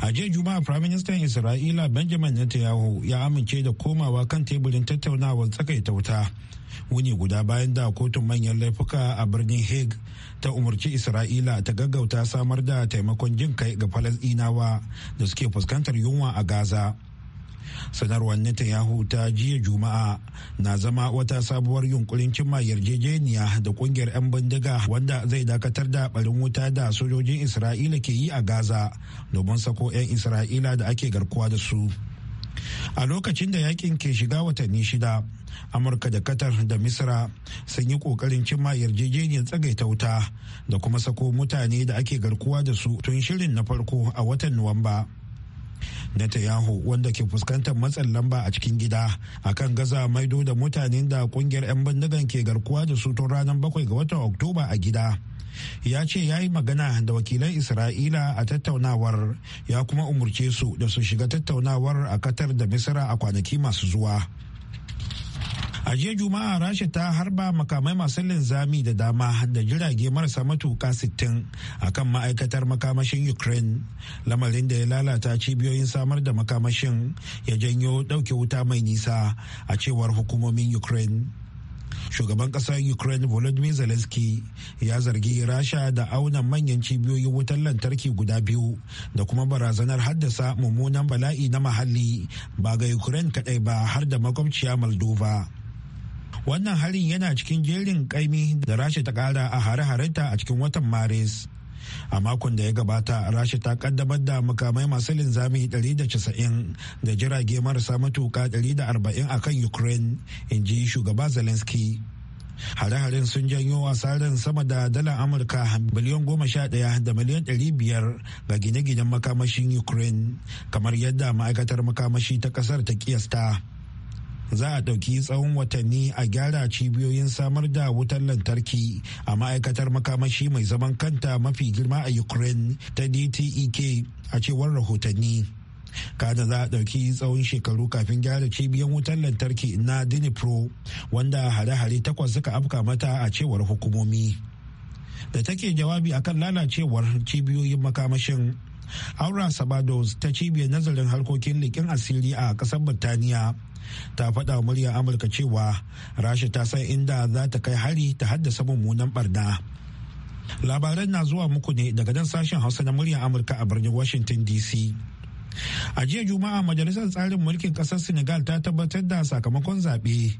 a jiya juma'a prime minister isra'ila benjamin netanyahu ya amince da komawa kan teburin tattaunawar tsakaita wuta wuni guda bayan da kotun manyan laifuka a birnin hague ta umarci isra'ila ta gaggauta samar da taimakon jin kai ga falasdinawa da suke fuskantar yunwa a gaza sanarwar netanyahu ta jiya juma'a na zama wata sabuwar yunkurin cimma yarjejeniya da kungiyar 'yan bindiga wanda zai dakatar da barin wuta da sojojin isra'ila ke yi a gaza domin sako 'yan isra'ila da ake garkuwa da su a lokacin da yakin ke shiga watanni shida amurka da qatar da misra sun yi kokarin cimma yarjejeniyar tsagaita wuta da kuma sako mutane da ake garkuwa da su tun shirin na farko a watan nuwamba Netanyahu wanda ke fuskantar matsin lamba a cikin gida akan gaza maido da mutanen da kungiyar 'yan bindigan ke garkuwa da su tun ranar bakwai ga watan Oktoba a gida. Ya ce ya yi magana da wakilan Isra'ila a tattaunawar ya kuma umurce su da su shiga tattaunawar a katar da misra a kwanaki masu zuwa. A jiya Juma'a Rasha ta harba makamai masu linzami da dama da jirage marasa matuka 60 a kan ma'aikatar makamashin Ukraine. Lamarin da ya lalata cibiyoyin samar da makamashin ya janyo ɗauke wuta mai nisa a cewar hukumomin Ukraine. Shugaban ƙasar Ukraine Volodymyr Zelensky ya zargi Rasha da auna manyan cibiyoyin wutar lantarki guda biyu da kuma barazanar haddasa mummunan bala'i na mahalli ba ga Ukraine kaɗai ba har da makwabciya Moldova. wannan harin yana cikin jerin kaimi da rasha ta kara a hare-harenta a cikin watan maris a makon da ya gabata rasha ta kaddamar da mukamai masu linzami 190 da jirage marasa matuka 140 a kan ukraine in ji shugaba zelensky hare-haren sun janyo asarin sama da dala amurka biliyan goma sha daya da miliyan ɗari biyar ga gine-ginen makamashin ukraine kamar yadda ma'aikatar makamashi ta ƙasar ta kiyasta. za a ɗauki tsawon watanni a gyara cibiyoyin samar da wutar lantarki a ma'aikatar makamashi mai zaman kanta mafi girma a ukraine ta dtek a cewar rahotanni kada za a ɗauki tsawon shekaru kafin gyara cibiyan wutar lantarki na dinipro wanda hare-hare takwas suka afka mata a cewar hukumomi da take jawabi akan lalacewar cibiyoyin makamashin aura sabados ta cibiyar nazarin harkokin likin asiri a ƙasar birtaniya ta faɗa muryar amurka cewa rasha ta san inda za ta kai hari ta haddasa mummunan barna labaran na zuwa muku ne daga nan sashen hausa na muryar amurka a birnin washington dc a jiya juma'a majalisar tsarin mulkin kasar senegal ta tabbatar da sakamakon zaɓe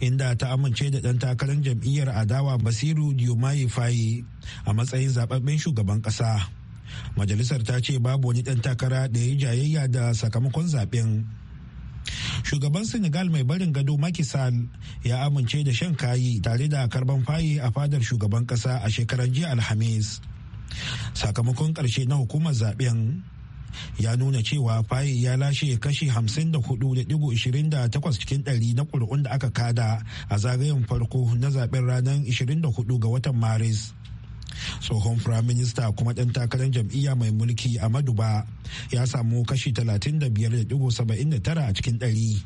inda ta amince da ɗan takarar jam'iyyar adawa basiru diomaye faye a matsayin zababben shugaban ƙasa majalisar ta ce babu wani ɗan takara da ya yi jayayya da sakamakon zaɓen shugaban senegal mai barin gado makisal ya amince da shan kayi tare da karban fayi a fadar shugaban kasa a shekarar jiya alhamis sakamakon karshe na hukumar zaben ya nuna cewa fayi ya lashe kashi 54.28 cikin ɗari na ƙuri'un da aka kada a zagayen farko na zaben ranar 24 ga watan maris tsohon firaminista kuma ɗan takarar jam'iyya mai mulki amadu ba ya samu kashi 35.79 a cikin ɗari.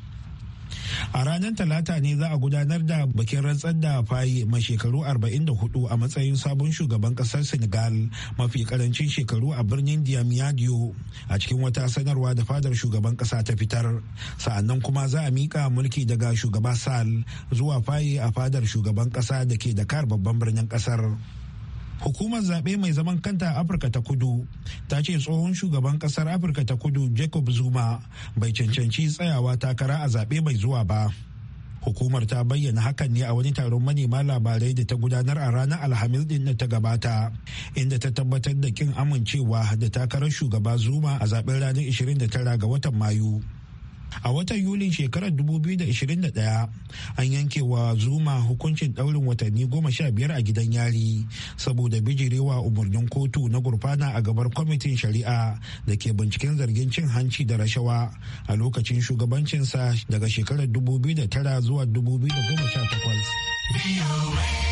a ranar talata ne za a gudanar da bikin rantsar da fayi mai shekaru 44 a matsayin sabon shugaban kasar senegal mafi karancin shekaru a birnin diamiadio a cikin wata sanarwa da fadar shugaban kasa ta fitar sa'annan kuma za a mika mulki daga shugaba sal zuwa fayi a fadar shugaban kasa da ke dakar babban birnin kasar hukumar zaɓe mai zaman kanta a afirka ta kudu ta ce tsohon shugaban ƙasar afirka ta kudu jacob zuma bai cancanci tsayawa takara a zaɓe mai zuwa ba hukumar ta bayyana hakan ne a wani taron manema labarai da ta gudanar a ranar alhamis din da ta gabata inda ta tabbatar da kin amincewa da takarar shugaba zuma a zaben ranar 29 ga watan mayu a watan yulin shekarar 2021 an yanke wa zuma hukuncin daurin watanni goma sha biyar a gidan yari saboda bijirewa umarnin kotu na gurfana a gabar kwamitin shari'a da ke binciken zargin cin hanci da rashawa a lokacin shugabancinsa daga shekarar 2009 zuwa 2018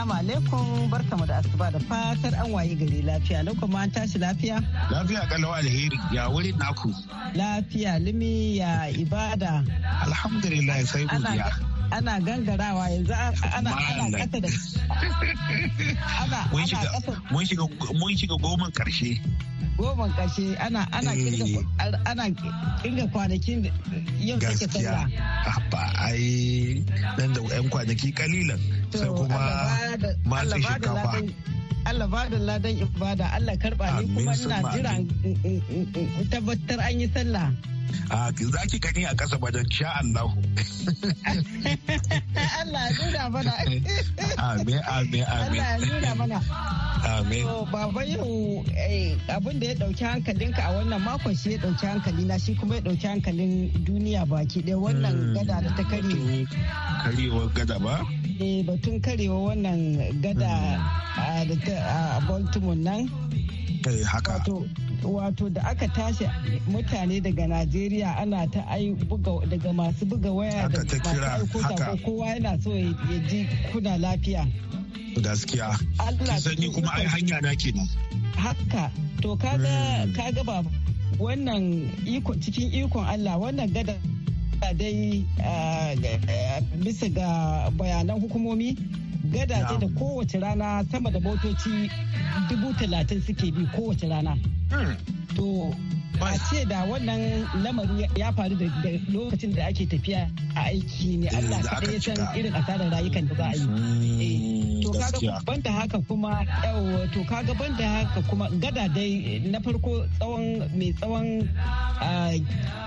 Assalamu alaikum barkamu da asuba da fatar an waye gari lafiya na kuma an tashi lafiya? Lafiya kalau alheri ya wuri naku. Lafiya limi ya ibada. Alhamdulillah sai godiya. ana gangarawa yanzu ana ana kasa da mun shiga mun shiga goman karshe goman karshe ana ana kinga eh. ana kinga kwanakin yau sake sallah ba ai nan da yan kwanaki kalilan sai kuma masu shinkafa Allah ba da ladan ibada Allah karba ni kuma ina jira tabbatar an yi sallah a ah, za ki gani a ƙasa wajen sha Allah. Allah nuna mana. Amin amin amin. Allah nuna mana. Amin. Baba yau eh, abin da ya dauki hankalinka a wannan makon shi ya dauki hankali na shi kuma ya dauki hankalin duniya baki ɗaya wannan hmm. gada da ta kare. Karewar gada ba? Eh batun karewa wannan gada hmm. ah, a ah, Baltimore nan. Eh, haka. wato da aka tashi mutane daga najeriya ana ta ai buga daga masu buga waya da masu ko kowa yana so ya ji kuna lafiya gaskiya Allah. sanyi kuma ai hanya na kenan haka to kaga hmm. kaga ba wannan iko cikin ikon Allah wannan gada dai ah, eh, bisa ga bayanan hukumomi gada ce da kowace rana sama da motoci dubu talatin suke bi kowace rana hmm. to ba ce da wannan lamari ya faru da lokacin da ake tafiya a aiki ne eh, Allah ka ya san irin asarar rayukan da za a yi mm-hmm. eh, to kaga banda haka kuma to kaga banda haka kuma gada dai na farko tsawon mai tsawon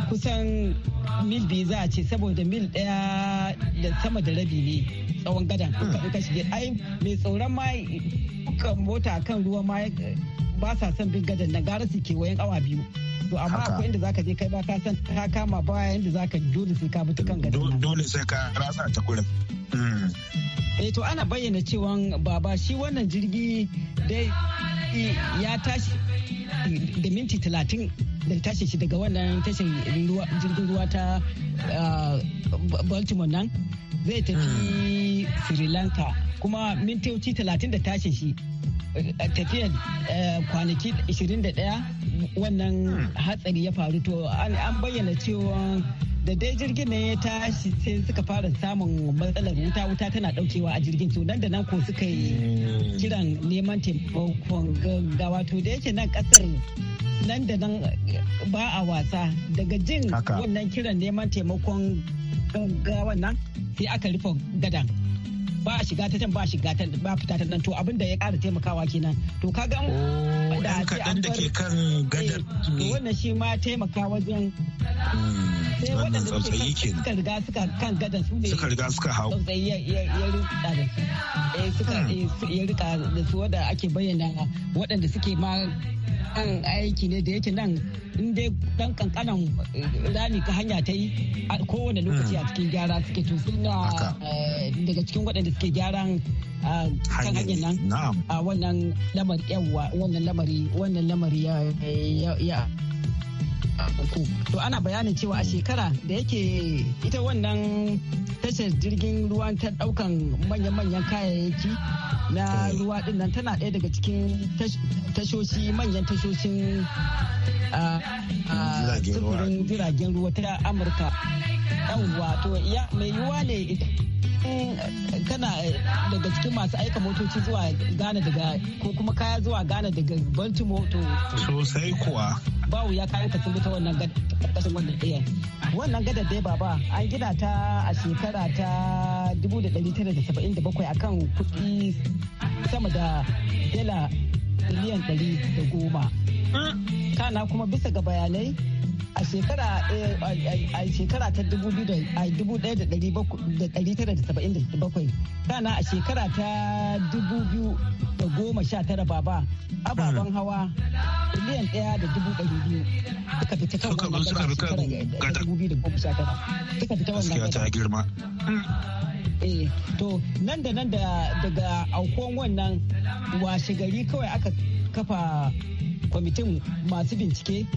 kusan mil biyu za a ce saboda mil daya da sama da rabi ne tsawon gadan hmm. ka shige ai mai tsoron ma mota kan ruwa ma ba sa son bin gadon nan gara su wayan awa biyu to amma akwai inda zaka je kai ba ka san ka kama yayin da zaka dole sai ka bi kan gadon nan dole sai ka ratsa ta gurin hmm. eh to ana bayyana cewa baba shi wannan jirgi dai ya tashi da minti talatin da tashi shi daga wannan tashin jirgin ruwa ta ah, baltimore nan zai tafi hmm. sri lanka kuma mintoci talatin da tashi shi tafiyan eh, kwanaki 21 wannan hmm. hatsari ya faru to an bayyana cewa da dai jirgin ne ya tashi sai suka fara samun matsalar wuta wuta tana daukewa a jirgin to nan da nan ko suka yi hmm. kiran neman taimakon gawa to da yake nan kasar nan da nan eh, ba a wasa daga jin wannan kiran neman taimakon gawa nan sai aka rufe gadan ba a shiga ta can ba a shiga ta ba fita ta nan to abin da ya ƙara taimakawa kenan to ka ga da oh, kaɗan da ke kan gadar eh, to wannan shi ma taimaka wajen hmm, sai waɗanda suka riga suka kan gadar su ne suka riga suka hau tsautsayi ya rika da su eh, suka hmm. eh, ya rika da su wanda ake bayyana waɗanda suke ma an aiki ne da yake nan in dai dan kankanan rani ka hanya ta yi kowane lokaci a hmm. cikin gyara suke to suna daga cikin waɗanda ke gyaran ah, kan hanyar nan a ah, wannan lamari yawa wannan lamari wannan lamari ya to ana bayanin cewa a shekara da yake ita wannan tashar jirgin ruwa ta daukan manyan-manyan kayayyaki na eh. ruwa din nan tana ɗaya daga cikin tashoshi manyan tashoshin tsibirin ah, jiragen ruwa ta amurka yawwa to ya mai yiwuwa ne kana daga cikin masu aika motoci zuwa Ghana daga ko kuma kaya zuwa Ghana daga Baltimore moto. sosai kuwa ba wuya kayan ka ta wannan kashin wannan ɗaya wannan gadar dai baba an gina ta a shekara ta 1977 kan kuɗi sama da dala miliyan 110 kana kuma bisa ga bayanai a shekara eh, a shekara ta 1977 kana a shekara ta 2019 baba ababen hmm. hawa miliyan ɗaya da dubu ɗari biyu suka fita kan wannan dubu biyu da goma sha tara suka fita wannan gada. ta girma. Eh, to nan da nan daga aukuwan wannan washe gari kawai aka kafa kwamitin masu bincike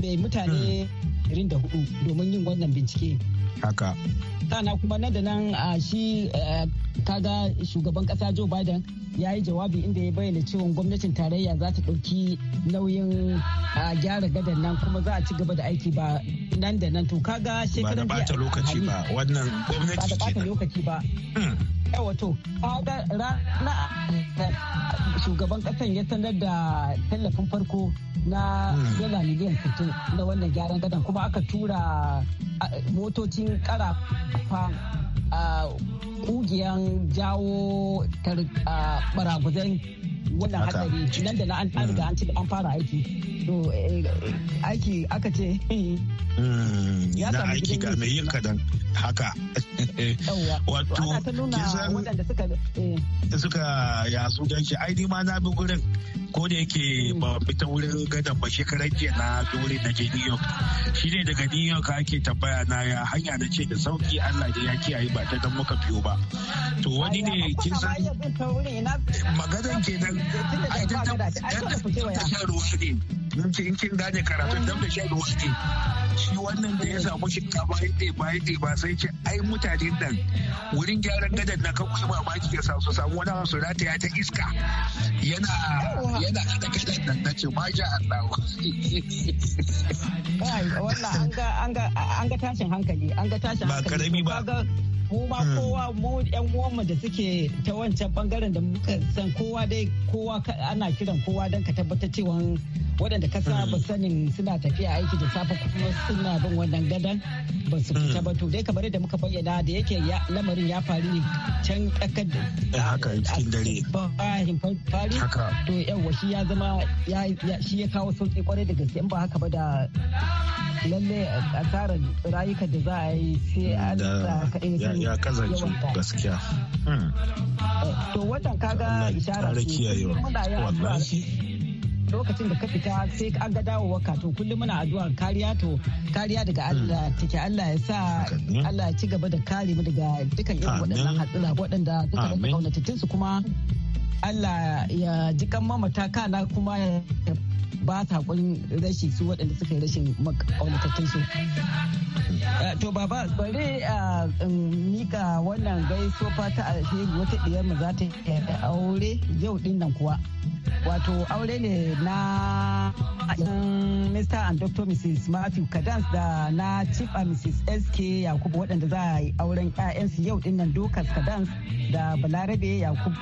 da mutane 24 hmm. domin yin wannan bincike. Haka. Sana kuma nan da nan a shi kaga shugaban kasa Joe Biden ya yi jawabi inda ya bayyana cewa gwamnatin tarayya za ta ɗauki nauyin gyara gadan nan kuma za a ci gaba da aiki ba nan da nan to kaga shekaran ba da bata lokaci ba wannan gwamnati ce ba da bata lokaci ba hmm. wato shugaban kasan ya sanar da tallafin farko na hmm. dala miliyan 60 na wannan gyaran gadon kuma aka tura motocin karafa a kugiyan jawo baraguzan wannan hatsari nan da na an riga an an fara aiki to eh, aiki aka ce hmm, ya na aiki ga mai yin kadan haka wato kisan eh. suka yasu su shi ai ma na bi gurin ko da yake hmm. ba fita wurin gadon ba shekarar jiya na bi wurin na je new york shi ne daga new york ake tabbaya na ya hanya na ce da sauki allah da ya kiyaye ba ta dan muka biyo ba to wani ne kisan magadan kenan ai ta ta ruwa ne in kin gane karatun dab da shan ruwa ne shi wannan da ya samu shinkafa ya ɗeba ya ɗeba sai ce ai mutanen nan wurin gyaran gadon na kan kuma mamaki ya samu wani wasu rataya ta iska yana yana gadon nan na ce masha Allah. an ga tashin hankali an ga tashin hankali. Ba karami ba. mu ma hmm. kowa mu yan uwanmu da suke ta wancan bangaren da muka san kowa dai kowa ana kiran kowa don ka tabbatar cewa waɗanda ka saba hmm. sanin suna tafiya aiki da safe kuma suna bin wannan gadan ba su fita ba hmm. to dai kamar da muka bayyana da yake lamarin ya faru ne can tsakar da eh, haka cikin dare Ba bayan fari to yawa shi ya zama shi ya kawo sauki kwarai da gaske in ba haka ba da lalle asarar rayuka da za a yi sai an sa kaɗai eh, ya kazance gaskiya hmm. to wannan kaga isharar ce wallahi lokacin da ka fita sai an ga dawo waka to kullum muna addu'ar kariya to kariya daga hmm. Allah take Allah ya sa Allah ya ci gaba da kare mu daga dukkan irin waɗannan hatsira waɗanda duka da kaunatattun su kuma Allah ya ji kan mamata kana kuma ya ba ta kun rashi su waɗanda suka yi rashin makaunatattun su. Eh, to baba bari a eh, mika wannan gaiso fata alheri wata ɗiyar mu za ta yi aure yau ɗin nan kuwa. Wato aure ne na Mr. and Dr. Mrs. Matthew Kadans da na Chief Mrs. SK Yakubu waɗanda za a yi auren 'ya'yansu yau ɗin nan Dokas Kadans da Balarabe Yakubu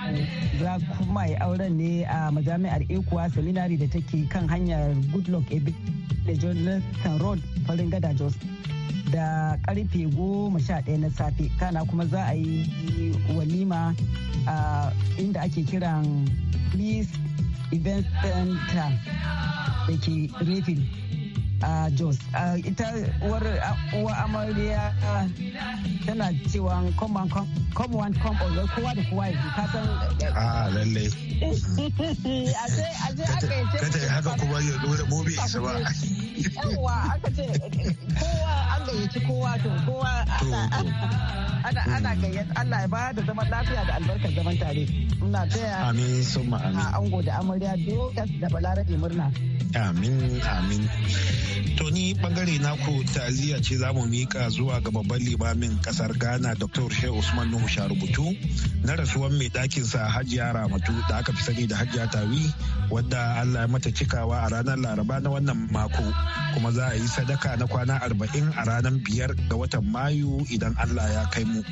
za kuma yi auren ne a majami'ar Ekuwa Seminari da take kan hanyar goodluck ebe da jonathan road farin gada jos da karfe goma sha ɗaya na safe kana kuma za a yi walima a inda ake kiran please event center da ke refin a jos ita uwa amarya tana cewa come one come on come kowa da kowa yi ka san eh, a ah, lalle a yi a je aka yi kace haka kuma ya dole bobe isa ba yawa aka ce eh, kowa an gayyaci kowa to kowa ana ana gayyata Allah ya bada zaman lafiya da albarkar zaman tare ina taya amin summa amin a ango da amarya dokas da balarabe murna amin amin To ni bangare naku ta'aziyya ce za mu mika zuwa ga babban limamin kasar Ghana Dr. Shehu Usman Nuhu Sharubutu na rasuwan mai ɗakin sa Hajiya Ramatu da aka fi sani da Hajiya Tawi wadda Allah ya mata cikawa a ranar Laraba na wannan mako kuma za a yi sadaka na kwana arba'in a ranar biyar ga watan Mayu idan Allah ya kai mu.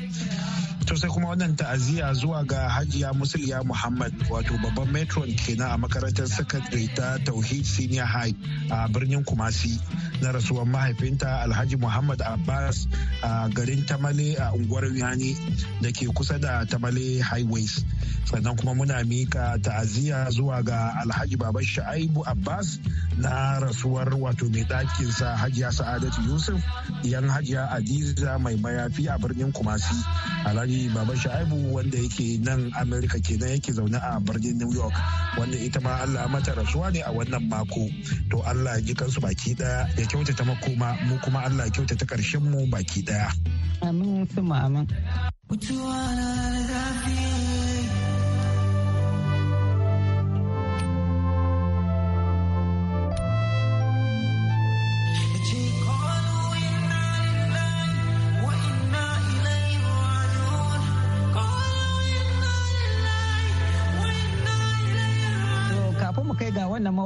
to sai kuma wannan ta'aziyya zuwa ga hajiya musulya muhammad wato babban metron kenan a makarantar secondary ta tauhid senior high a birnin kumasi na rasuwar mahaifinta alhaji muhammad abbas a garin tamale a unguwar yani da ke kusa da tamale highways sannan kuma muna mika ta'aziyya zuwa ga alhaji baban sha'aibu abbas na rasuwar wato mai ɗakinsa hajiya sa'adatu yusuf yan hajiya adiza mai mayafi a birnin kumasi alhaji akwai baba sha'ibu wanda yake nan amerika kenan yake zaune a birnin new york wanda ita ma allah mata rasuwa ne a wannan mako to allah ji kansu baki daya ya kyautata makoma mu kuma allah kyautata karshen mu baki daya amin su amin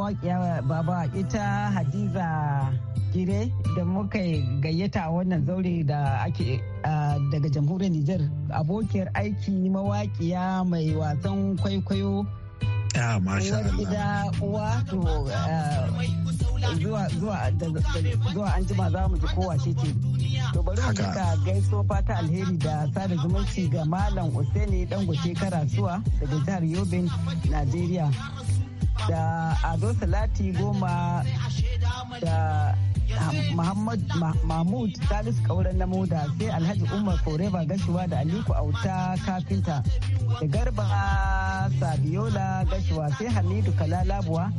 mawaƙiya baba ita hadiza gire da muka gayyata wannan zaure da ake daga jamhuriyar Nijar abokiyar aiki mawaƙiya mai wasan kwaikwayo ah, gida uwa to eh, zuwa an jima za mu ji kowa ce ce. To bari mu ka gaiso fata alheri da sada zumunci ga Malam Usaini Dangote Karasuwa daga jihar Yobin, Najeriya. da zo salati goma da Mahmud Salisu Kauran na Moda sai Alhaji Umar Koreba Gashuwa da Aliku Auta Kafinta da Garba Sabiola Gashuwa sai Hamidu Kalalabuwa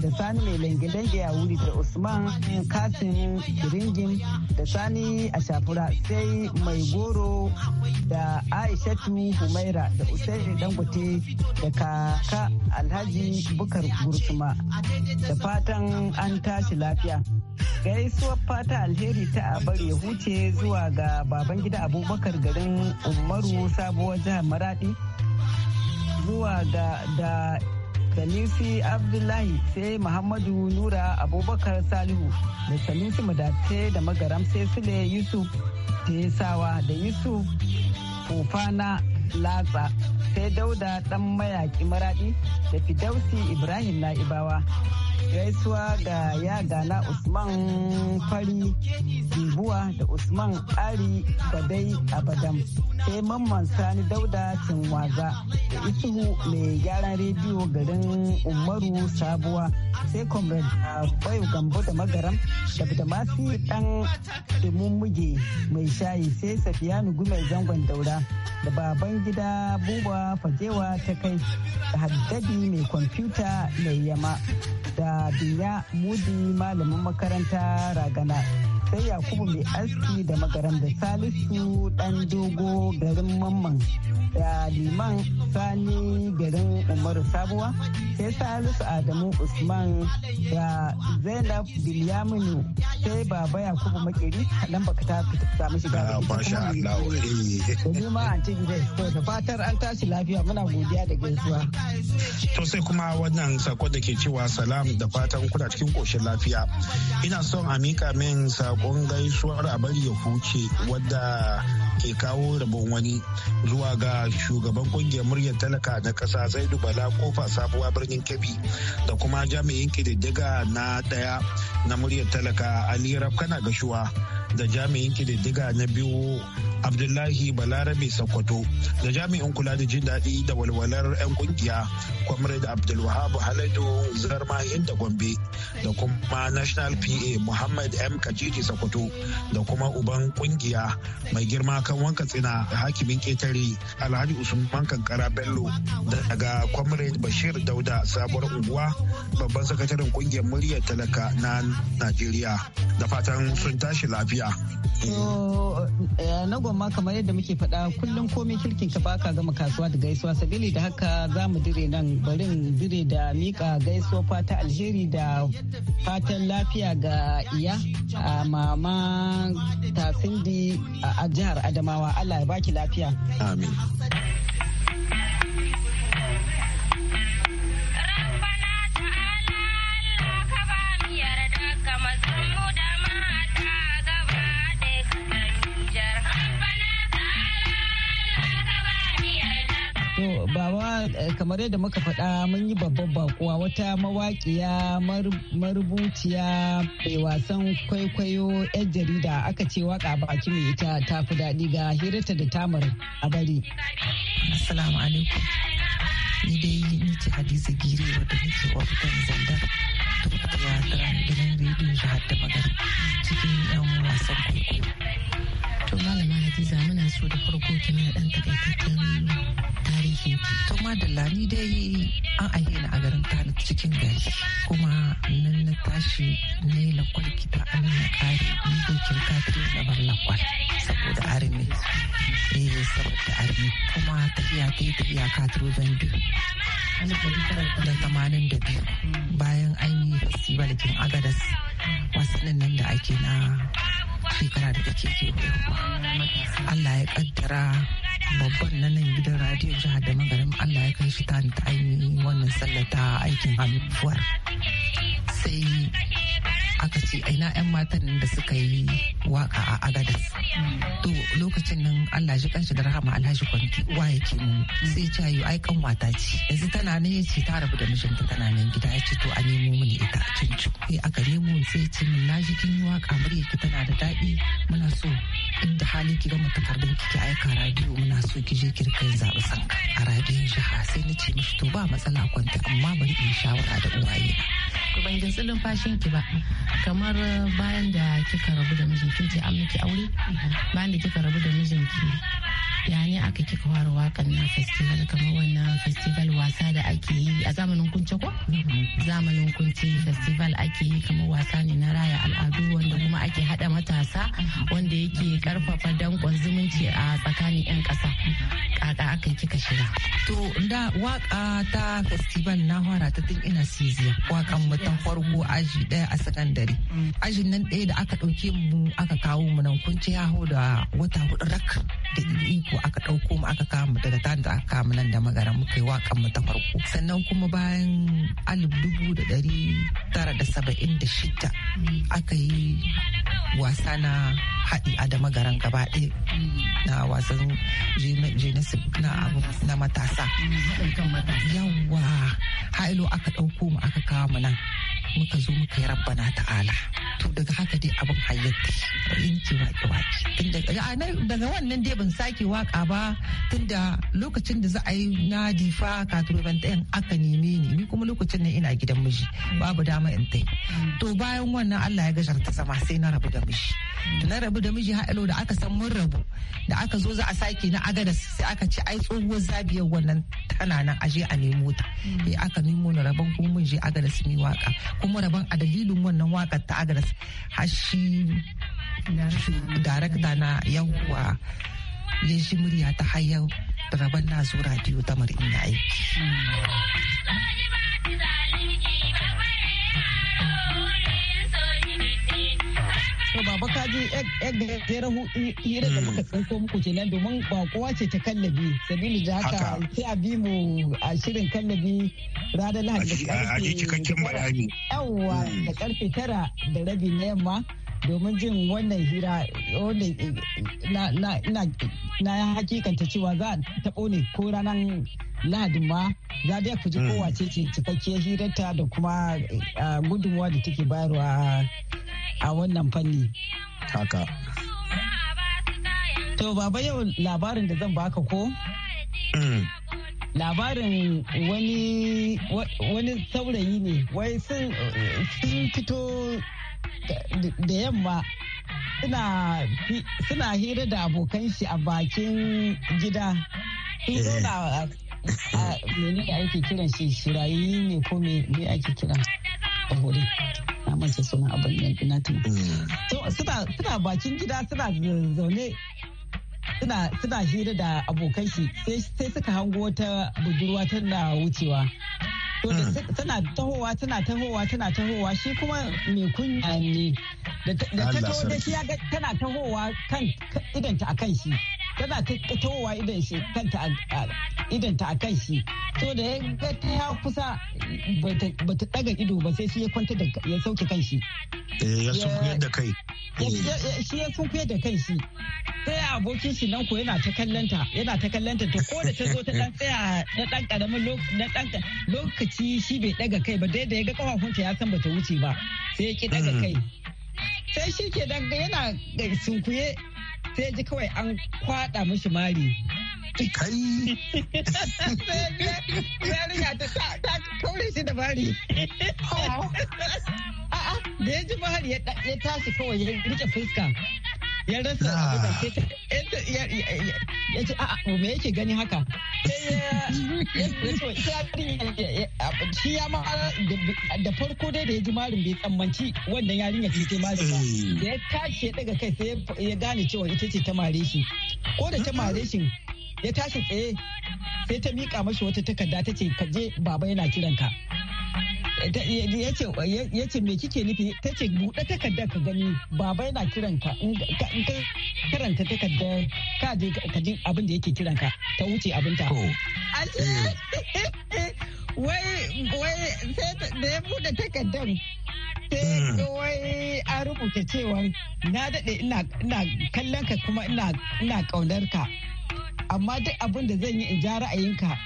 da Sani Mai Langilange a wuri da Usman Kasim Kiringin da Sani Ashafura sai Mai Goro da Aishatu Humaira da Usaini Dangote da Kaka Alhaji Bukar Gursuma da fatan an tashi lafiya. gaisuwar fata alheri ta abar ya huce zuwa ga baban gida abubakar garin umaru sabuwar jihar maradi zuwa ga da salisi abdullahi sai muhammadu nura abubakar salihu da salisi madate da magaram sai sule yusuf tesawa da yusuf fufana latsa sai dauda dan mayaki maradi da fidausi ibrahim na'ibawa gaisuwa ga ya gana usman fari jibuwa da usman ari badai abadam sai mamman sani dauda waza da isuhu mai gyaran rediyo garin umaru sabuwa sai comrade bayu gambo da magaram da masu dan mummuge mai shayi sai safiya nugu mai zangon daura da baban gida buba fajewa ta kai da haddadi mai kwamfuta mai yama da biya mudi malamin makaranta ragana sai yakubu mai aski da magaram da salisu dan dogo garin mamman da liman sani garin umaru sabuwa sai salisu adamu usman da zainab bilyaminu sai baba yakubu makeri nan baka ta samu shiga da ah, ma an da fatar an tashi lafiya muna godiya da gaisuwa to sai kuma wannan sako da ke cewa salam da fatan kuna cikin koshin lafiya ina son a mika min sako saƙon gaisuwar a bari ya huce wadda ke kawo rabon wani zuwa ga shugaban ƙungiyar muryar talaka na ƙasa zaidu bala kofa sabuwa birnin kebbi da kuma jami'in kididdiga na ɗaya na muryar talaka ali rafkana gashuwa da jami'in kididdiga na biyu abdullahi balarabe sokoto da jami'in kula da jin daɗi da walwalar 'yan kungiya comrade abdulwahab haladu zarma da gombe da kuma national pa muhammad m kajiji sokoto da kuma uban kungiya mai girma kan wanka tsina hakimin ketare alhaji usman kankara bello daga comrade bashir dauda sabuwar unguwa babban sakataren kungiyar muryar talaka na najeriya da fatan sun tashi lafiya eh, na amma kamar yadda muke faɗa kullum komai kirkin ka baka gama kasuwa da gaisuwa sabili da haka za mu dire nan barin dire da mika gaisuwa fata alheri da fatan lafiya ga iya a mama tasindi a jihar adamawa allah ya baki lafiya amin Rabbana ta'ala ka ba mu yarda ga mazan mu Eh, kamar yadda muka faɗa mun yi babban bakuwa wata mawaƙiya marubuciya mai wasan kwaikwayo 'yan jarida aka ce waka baki mai ita ta fi daɗi ga hirarta da tamar a bari. Assalamu alaikum. Ni dai ni ce Hadiza Giri wadda nake wafitan zandar ta wata gidan rediyon jihar da magana cikin 'yan wasan kwaikwayo. To malama Hadiza muna so da farko kina dan takaitaccen tarihi. To madalla ni dai an aihe ni a garin Tana cikin gari kuma nan na tashi ne lakwal kita an na kare ni da kirka tare da bar kwal saboda arme. Eh saboda arme kuma ta tafiya ta yi tafiya ka turo vendu. da tamanin da biyu bayan an yi festival kin agadas wasannin nan da ake na shekara da take kewa Allah ya kaddara babban na nan gidan radio jihar da magarin Allah ya kai shi ta ainihin wannan sallata aikin hannuwar sai aka ce ina 'yan matan da suka yi waka a agadas to lokacin nan allah shi kanshi da rahama alhaji kwanti wa ke mu sai ce ai kan wata ce yanzu tana ne ya ce ta rabu da mijinta tana nan gida ya ce to a nemo mini ita cincu sai aka nemo sai ce min na ji kin yi waka murya tana da daɗi muna so duk da hali ki gama takardun kike aika radio muna so ki je kirkai zaɓi sanka a radiyon jiha sai na ce mishi to ba matsala kwanta amma ban iya shawara da uwaye to ban ga tsilin fashin ki ba kamar eh, bayan da kika rabu da mijinki ki amince aure mhm. bayan da kika rabu da mijinki ya ne aka kika fara wakan na festival kamar wannan festival wasa da ake yi a zamanin kunce ko zamanin kunce festival ake yi kamar wasa ne na raya al'adu wanda kuma ake hada matasa wanda yake karfafa dankon zumunci a tsakanin yan kasa kaka aka kika shiga to da waka ta festival na hora ta tun ina siziya wakan mu ta farko aji daya a sakandare ajin nan daya da aka dauke mu aka kawo mu nan kunce yaho da wata hudu rak da iko farko aka ɗauko mu aka kama daga ta da aka kama nan da magara mu kai wakan mu ta farko sannan kuma bayan alif dubu da ɗari tara da saba'in da shida aka yi wasa na haɗi a da magaran gaba na wasan jenasif na abu na matasa yawa hailo aka ɗauko mu aka mu nan muka zo muka yi rabbana ta'ala to daga haka dai abin hayyanta yanke waƙe-waƙe daga wannan dai ban sake waka ba tunda lokacin da za a yi na difa katurban ɗayan aka neme ni ni kuma lokacin nan ina gidan miji babu dama in tai to bayan wannan Allah ya gajar ta sama sai na rabu da miji da na rabu da miji ha'ilo da aka san mun rabu da aka zo za a sake na agada sai aka ce ai tsohuwar zabiyar wannan tana nan aje a nemo ta mm. eh aka nemo na rabon kuma mun je agadas ni waka kuma rabon a dalilin wannan wakar ta agaras hashi darakta na yahuwa ya shi murya ta hayar rabon na zo radio ina aiki. Hmm. to baba kaji yadda da tsere hira da muka ko mm. muku kenan domin ba kowa ce ta kallabi sabili da haka sai a bi mu a shirin kallabi ranar lahadi da cikakken bayani yawwa da mm. karfe tara da rabi na yamma domin jin wannan hira wanda na hakikanta cewa za a taɓo ne ko ranar lahadin ma za a fi ji mm. kowace ce cikakkiyar hirarta da kuma eh, gudunmuwa da take bayarwa a wannan fanni haka to baba yau labarin da zan baka ko mm. labarin wani wani saurayi ne wai sun fito da yamma suna hira da abokan shi a bakin gida sun zauna a ake kiran shi shirayi ne ko me ake kiran na manta sunan abin na tuna mm. suna bakin gida suna zaune suna hira da abokan shi sai suka hango wata budurwa tana wucewa mm. tana tahowa tana tahowa tana tahowa shi kuma mai kunya ne da ta da shi ya tana tahowa kan idanta a kan shi tana kakatowa idan shi kanta idan ta kan shi to da ya ta ya kusa ta daga ido ba sai shi ya kwanta da ya sauke kan shi eh, ya sunkuyar da kai shi ya sunkuyar da kan shi sai abokin shi nan ko yana ta kallanta yana ta kallanta to ko da ta zo ta dan tsaya na dan karamin lokaci shi bai daga kai ba daidai ya ga kafafunta ya san bata wuce ba sai ya ki daga mm. kai sai shi ke daga yana sunkuye sai ji kawai an kwada mishi mari kai yarinya ta kaure shi da mari a'a da ya ji mari ya tashi kawai ya rike fuska ya rasa ah. abin sai ya ce me yake gani haka shi ya ma da farko dai da ya ji marin bai tsammanci wannan yarinya ce ta ba eh. da ya tashi ya daga kai sai ya gane cewa ita ce ta mare shi ko da ta mare shi ya tashi tsaye sai ta miƙa mashi wata takarda ta ce ka je baba yana kiranka. ka ya ce me kike nufi ta ce buɗe takardar ka gani baba yana kiran ka in ka karanta takarda ka je ka ji abin da yake kiran ka ta wuce abin ta wai wai sai da ya buɗe takardar sai hmm. wai an rubuta cewa na daɗe ina kallon ka kuma ina ƙaunar ka amma duk abin da zan yi in ja ra'ayinka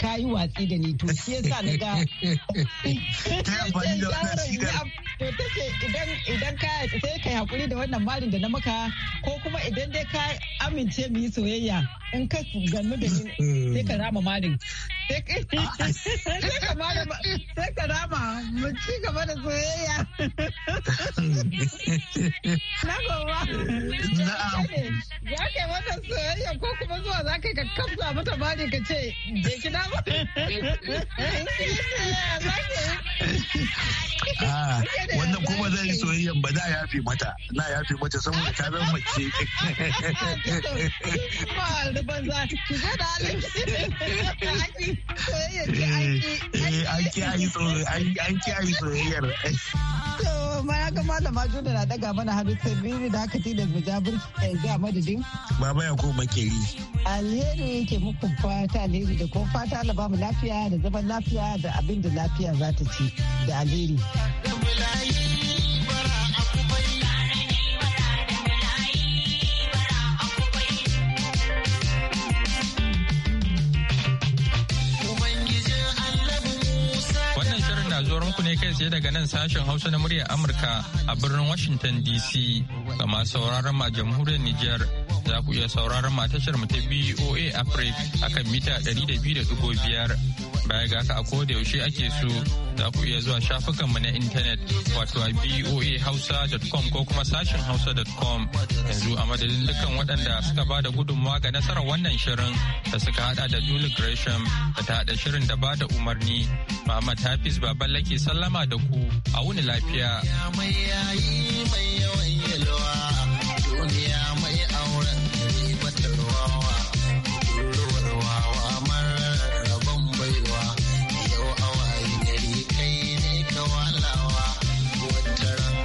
ka yi watsi da ni to shi yasa na ga to ce idan idan ka sai hakuri da wannan malin da na maka ko kuma idan dai ka amince mu yi soyayya in ka gannu da ni sai ka rama malin Sai ka rama mu ci gaba da soyayya. Na Ya ke mata soyayya ko kuma zuwa za ka ka kamsa mata bani ka ce je ki na ba. Ah, wannan kuma zai yi soyayyan ba na mata. Na mata saboda ta zama mace. za ki da an kiyaye soyayyar. ma ya kamata ma juna na daga mana hannu sabiri da haka tilas da jabir yanzu a madadin. Baba ya ko makeri. Alheri yake muku fata alheri da kuma fata Allah lafiya da zaman lafiya da abin da lafiya za ta ci da alheri. muku ne kai tsaye daga nan sashen Hausa na muryar Amurka a birnin Washington DC. Ga masu sauraron ma jamhuriyar niger za ku iya sauraron ma tashar mu ta BOA Africa akan mita 200.5 Baya ga haka a da yaushe ake so za ku iya zuwa shafukanmu na intanet wato a hausa.com ko kuma sashin hausa.com yanzu a madadin dukkan waɗanda suka ba da gudunmawa ga nasarar wannan shirin da suka hada da Julie Gresham da ta haɗa shirin da ba da umarni Muhammad tafis Baballake sallama da ku a wuni lafiya.